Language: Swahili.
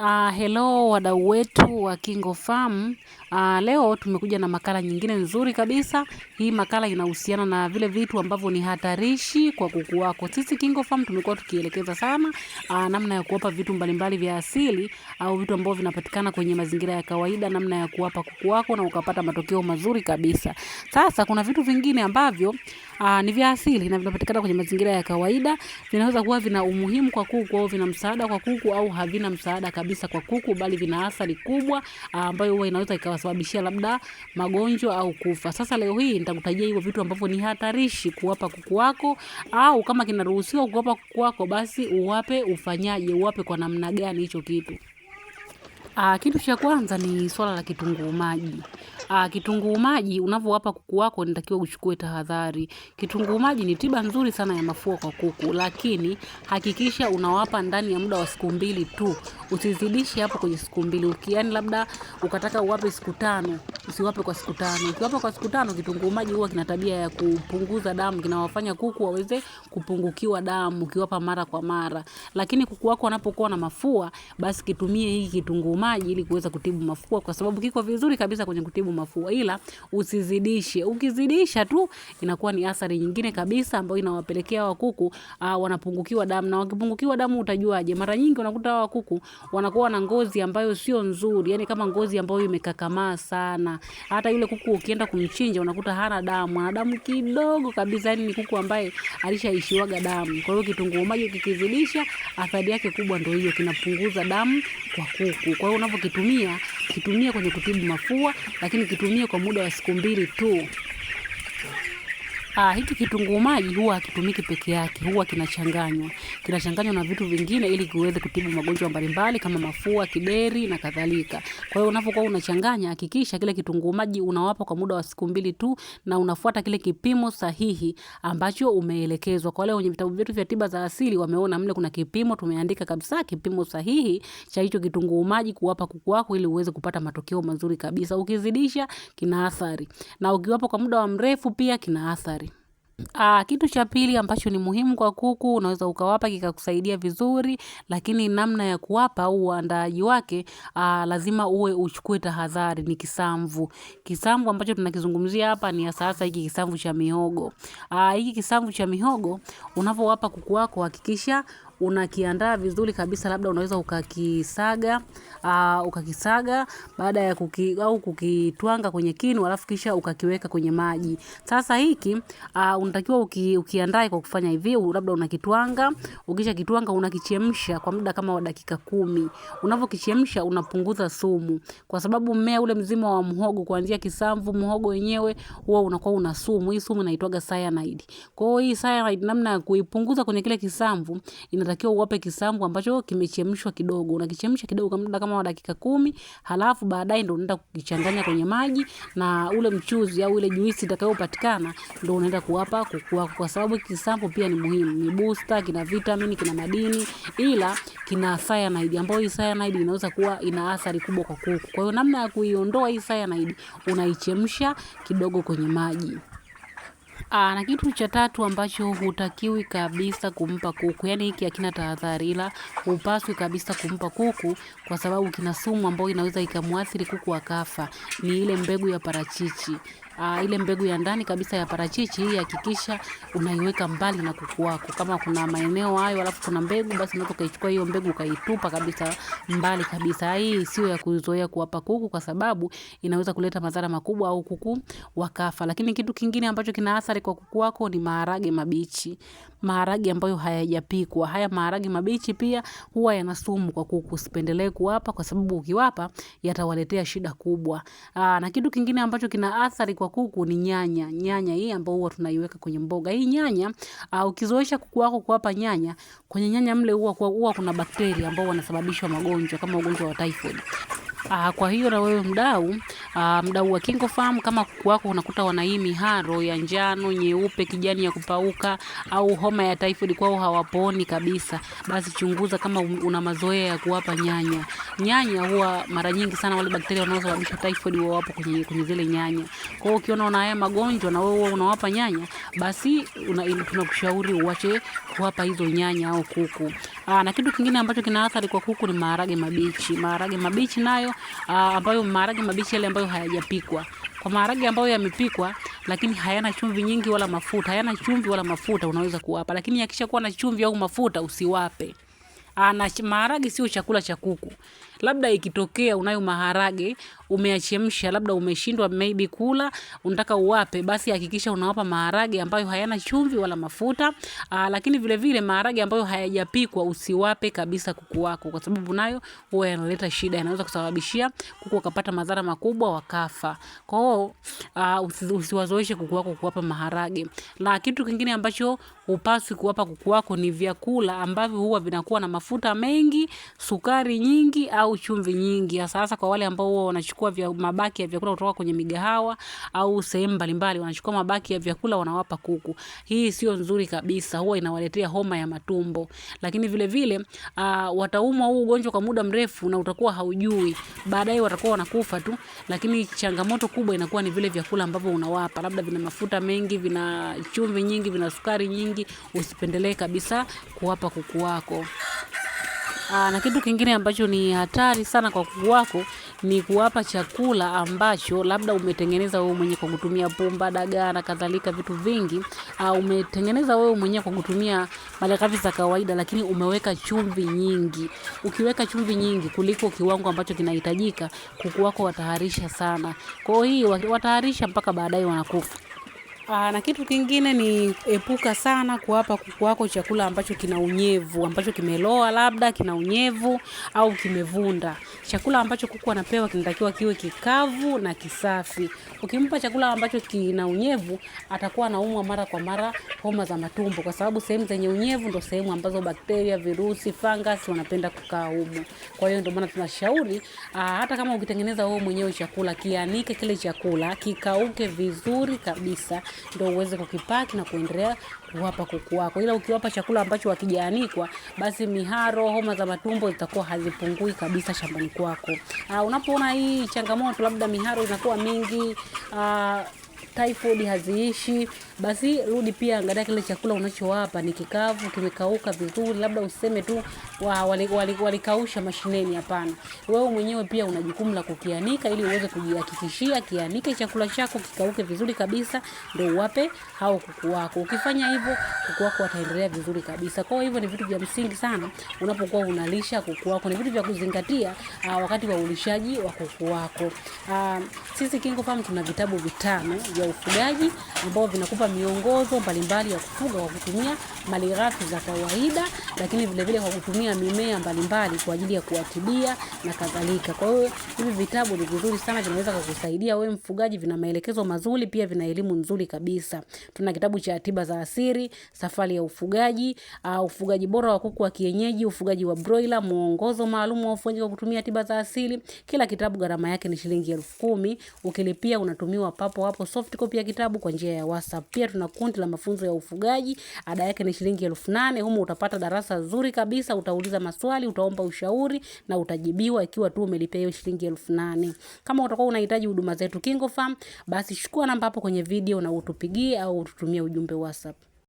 Uh, hello wadau wetu wa Kingo Farm. Uh, leo tumekuja na makala nyingine nzuri kabisa. Hii makala inahusiana na vile vitu ambavyo ni hatarishi kwa kuku wako. Sisi Kingo Farm tumekuwa tukielekeza sana uh, namna ya kuwapa vitu mbalimbali vya asili au vitu ambavyo vinapatikana kwenye mazingira ya kawaida, namna ya kuwapa kuku wako na ukapata matokeo mazuri kabisa. Sasa kuna vitu vingine ambavyo uh, ni vya asili na vinapatikana kwenye mazingira ya kawaida, vinaweza kuwa vina umuhimu kwa kuku au vina msaada kwa kuku au havina msaada kabisa kabisa kwa kuku, bali vina athari kubwa ah, ambayo huwa inaweza ikawasababishia labda magonjwa au kufa. Sasa leo hii nitakutajia hivyo vitu ambavyo ni hatarishi kuwapa kuku wako, au kama kinaruhusiwa kuwapa kuku wako, basi uwape ufanyaje, uwape kwa namna gani hicho kitu. Ah, kitu cha kwanza ni swala la kitunguu maji. Ah, kitunguu maji unavyowapa kuku wako inatakiwa uchukue tahadhari. Kitunguu maji ni tiba nzuri sana ya mafua kwa kuku, lakini hakikisha unawapa ndani ya muda wa siku mbili tu. Usizidishe hapo kwenye siku mbili. Ukiani labda ukataka uwape siku tano, usiwape kwa siku tano. Ukiwapa kwa siku tano, kitunguu maji huwa kina tabia ya kupunguza damu, kinawafanya kuku waweze kupungukiwa damu ukiwapa mara kwa mara. Lakini kuku wako wanapokuwa na mafua, basi kitumie hiki kitunguu maji maji ili kuweza kutibu mafua, kwa sababu kiko vizuri kabisa kwenye kutibu mafua, ila usizidishe. Ukizidisha tu inakuwa ni athari nyingine kabisa ambayo inawapelekea wa kuku uh, ah, wanapungukiwa damu, na wakipungukiwa damu utajuaje? Mara nyingi unakuta wa kuku wanakuwa na ngozi ambayo sio nzuri, yani kama ngozi ambayo imekakamaa sana. Hata yule kuku ukienda kumchinja unakuta hana damu, ana damu kidogo kabisa, yani ni kuku ambaye alishaishiwaga damu. Kwa hiyo kitunguu maji kikizidisha, athari yake kubwa ndio hiyo, kinapunguza damu kwa kuku. Kwa hiyo hiyo unavyokitumia kitumia kwenye kutibu mafua, lakini kitumie kwa muda wa siku mbili tu. Ah, hiki kitunguu maji huwa hakitumiki peke yake, huwa kinachanganywa. Kinachanganywa na vitu vingine ili kiweze kutibu magonjwa mbalimbali kama mafua, kideri na kadhalika. Kwa hiyo unapokuwa unachanganya, hakikisha kile kitunguu maji unawapa kwa muda wa siku mbili tu na unafuata kile kipimo sahihi ambacho umeelekezwa. Kwa wale wenye vitabu vyetu vya tiba za asili wameona mle kuna kipimo tumeandika kabisa kipimo sahihi cha hicho kitunguu maji kuwapa kuku wako ili uweze kupata matokeo mazuri kabisa. Ukizidisha kina athari na ukiwapa kwa muda wa mrefu pia kina athari. Aa, ah, kitu cha pili ambacho ni muhimu kwa kuku, unaweza ukawapa kikakusaidia vizuri, lakini namna ya kuwapa au uandaaji wake, aa, ah, lazima uwe uchukue tahadhari ni kisamvu. Kisamvu ambacho tunakizungumzia hapa ni ya sasa hiki kisamvu cha mihogo. Aa, ah, hiki kisamvu cha mihogo, unavowapa kuku wako hakikisha, unakiandaa vizuri kabisa, labda unaweza ukakisaga uh, ukakisaga baada ya kuki, au kukitwanga kwenye kinu alafu kisha ukakiweka kwenye maji. Sasa hiki uh, unatakiwa uki, ukiandae kwa kufanya hivi, labda unakitwanga, ukisha kitwanga unakichemsha kwa muda kama wa dakika kumi. Unavyokichemsha unapunguza sumu, kwa sababu mmea ule mzima wa mhogo kuanzia kisamvu, mhogo wenyewe huwa unakuwa una sumu. Hii sumu inaitwaga cyanide. Kwa hiyo hii cyanide, namna ya kuipunguza kwenye kile kisamvu ina unatakiwa uwape kisangu ambacho kimechemshwa kidogo. Unakichemsha kidogo kwa muda kama wa dakika kumi, halafu baadaye ndo unaenda kukichanganya kwenye maji na ule mchuzi au ile juisi itakayopatikana ndo unaenda kuwapa kuku wako, kwa sababu kisamvu pia ni muhimu, ni booster, kina vitamini, kina madini, ila kina cyanide, ambayo hii cyanide inaweza kuwa ina athari kubwa kwa kuku. Kwa hiyo namna ya kuiondoa hii cyanide unaichemsha kidogo kwenye maji. Aa, ah, na kitu cha tatu ambacho hutakiwi kabisa kumpa kuku, yaani hiki hakina tahadhari, ila hupaswi kabisa kumpa kuku kwa sababu kina sumu ambayo inaweza ikamwathiri kuku akafa, ni ile mbegu ya parachichi. Uh, ile mbegu ya ndani kabisa ya parachichi hii, hakikisha unaiweka mbali na kuku wako. Kama kuna maeneo hayo alafu kuna mbegu, basi unaweza ukaichukua hiyo mbegu ukaitupa kabisa mbali kabisa. Hii sio ya kuzoea kuwapa kuku, kwa sababu inaweza kuleta madhara makubwa au kuku wakafa. Lakini kitu kingine ambacho kina athari kwa kuku wako ni maharage mabichi, maharage ambayo hayajapikwa. Haya maharage mabichi pia huwa yana sumu kwa kuku, sipendelee kuwapa, kwa sababu ukiwapa yatawaletea shida kubwa. Aa, na kitu kingine ambacho kina athari kwa kuku ni nyanya. Nyanya hii ambayo huwa tunaiweka kwenye mboga hii nyanya, uh, ukizoesha kuku wako kuwapa nyanya, kwenye nyanya mle huwa huwa kuna bakteria ambao wanasababisha magonjwa kama ugonjwa wa typhoid. Uh, kwa hiyo na wewe mdau, uh, mdau wa Kingo Farm, kama kuku wako unakuta wana hii miharo ya njano, nyeupe, kijani ya kupauka au homa ya typhoid kwao hawaponi kabisa, basi chunguza kama una mazoea ya kuwapa nyanya. Nyanya huwa mara nyingi sana wale bakteria wanaosababisha typhoid huwa wapo kwenye kwenye zile nyanya. Kwa hiyo ukiona una haya magonjwa na wewe unawapa nyanya, basi una, tunakushauri uache kuwapa hizo nyanya au kuku. Aa, ah, na kitu kingine ambacho kina athari kwa kuku ni maharage mabichi. Maharage mabichi nayo uh, ambayo maharage mabichi yale ambayo hayajapikwa. Kwa maharage ambayo yamepikwa lakini hayana chumvi nyingi wala mafuta, hayana chumvi wala mafuta unaweza kuwapa, lakini yakisha kuwa na chumvi au mafuta usiwape. Ah, na maharage sio chakula cha kuku. Labda ikitokea unayo maharage, umeachemsha, labda umeshindwa maybe kula, unataka uwape, basi hakikisha unawapa maharage ambayo hayana chumvi wala mafuta. Aa, ah, lakini vile vile maharage ambayo hayajapikwa usiwape kabisa kuku wako, kwa sababu nayo huwa yanaleta shida, yanaweza kusababishia kuku wakapata madhara makubwa wakafa. Kwa hiyo uh, usiwazoeshe kuku wako kuwapa maharage. Na kitu kingine ambacho hupaswi kuwapa kuku wako ni vyakula ambavyo huwa vinakuwa na mafuta mengi, sukari nyingi au au chumvi nyingi, hasa hasa kwa wale ambao huwa wanachukua vya mabaki ya vyakula kutoka kwenye migahawa au sehemu mbalimbali, wanachukua mabaki ya vyakula wanawapa kuku. Hii sio nzuri kabisa, huwa inawaletea homa ya matumbo. Lakini vile vile uh, wataumwa huu ugonjwa kwa muda mrefu na utakuwa haujui, baadaye watakuwa wanakufa tu. Lakini changamoto kubwa inakuwa ni vile vyakula ambavyo unawapa, labda vina mafuta mengi, vina chumvi nyingi, vina sukari nyingi, usipendelee kabisa kuwapa kuku wako. Aa, ah, na kitu kingine ambacho ni hatari sana kwa kuku wako ni kuwapa chakula ambacho labda umetengeneza wewe mwenyewe kwa kutumia pumba, dagaa na kadhalika, vitu vingi au ah, umetengeneza wewe mwenyewe kwa kutumia malighafi za kawaida, lakini umeweka chumvi nyingi. Ukiweka chumvi nyingi kuliko kiwango ambacho kinahitajika, kuku wako wataharisha sana. Kwa hiyo wataharisha mpaka baadaye wanakufa. Aa, ah, na kitu kingine ni epuka sana kuwapa kuku wako chakula ambacho kina unyevu, ambacho kimeloa labda kina unyevu au kimevunda. Chakula ambacho kuku anapewa kinatakiwa kiwe kikavu na kisafi. Ukimpa chakula ambacho kina unyevu, atakuwa anaumwa mara kwa mara homa za matumbo, kwa sababu sehemu zenye unyevu ndo sehemu ambazo bakteria, virusi, fungus wanapenda kukaa humo. Kwa hiyo ndio maana tunashauri aa, ah, hata kama ukitengeneza wewe mwenyewe chakula, kianike kile chakula kikauke vizuri kabisa ndio uweze kukipaki na kuendelea kuwapa kuku wako. Ila ukiwapa chakula ambacho hakijaanikwa, basi miharo, homa za matumbo zitakuwa hazipungui kabisa shambani kwako. Uh, unapoona hii changamoto labda miharo inakuwa mingi uh, typhoid haziishi, basi rudi pia angalia kile chakula unachowapa ni kikavu, kimekauka vizuri, labda useme tu wa, walikausha mashineni. Hapana, wewe mwenyewe pia una jukumu la kukianika ili uweze kujihakikishia, kianike chakula chako kikauke vizuri kabisa, ndio uwape hao kuku wako. Ukifanya hivyo, kuku wako wataendelea vizuri kabisa. Kwa hivyo ni vitu vya msingi sana unapokuwa unalisha kuku wako, ni vitu vya kuzingatia aa, ah, wakati wa ulishaji wa kuku wako. Aa, ah, sisi KingoFarm tuna vitabu vitano vya ufugaji ambao vinakupa miongozo mbalimbali ya kufuga kwa kutumia malighafi za kawaida, lakini vile vile kwa kutumia mimea mbalimbali kwa ajili ya kuwatibia na kadhalika. Kwa hiyo hivi vitabu ni vizuri sana, vinaweza kukusaidia wewe mfugaji, vina maelekezo mazuri, pia vina elimu nzuri kabisa. Tuna kitabu cha tiba za asili, safari ya ufugaji, uh, ufugaji bora wa kuku wa kienyeji, ufugaji wa broiler, muongozo maalum wa ufugaji kwa kutumia tiba za asili. Kila kitabu gharama yake ni shilingi elfu kumi. Ukilipia unatumiwa papo hapo soft copy ya kitabu kwa njia ya WhatsApp. Pia tuna kundi la mafunzo ya ufugaji, ada yake ni shilingi elfu nane. Humo utapata darasa zuri kabisa, utauliza maswali, utaomba ushauri na utajibiwa ikiwa tu umelipia hiyo shilingi elfu nane. Kama utakuwa unahitaji huduma zetu KingoFarm, basi chukua namba hapo kwenye video na utupigie au ututumie ujumbe WhatsApp.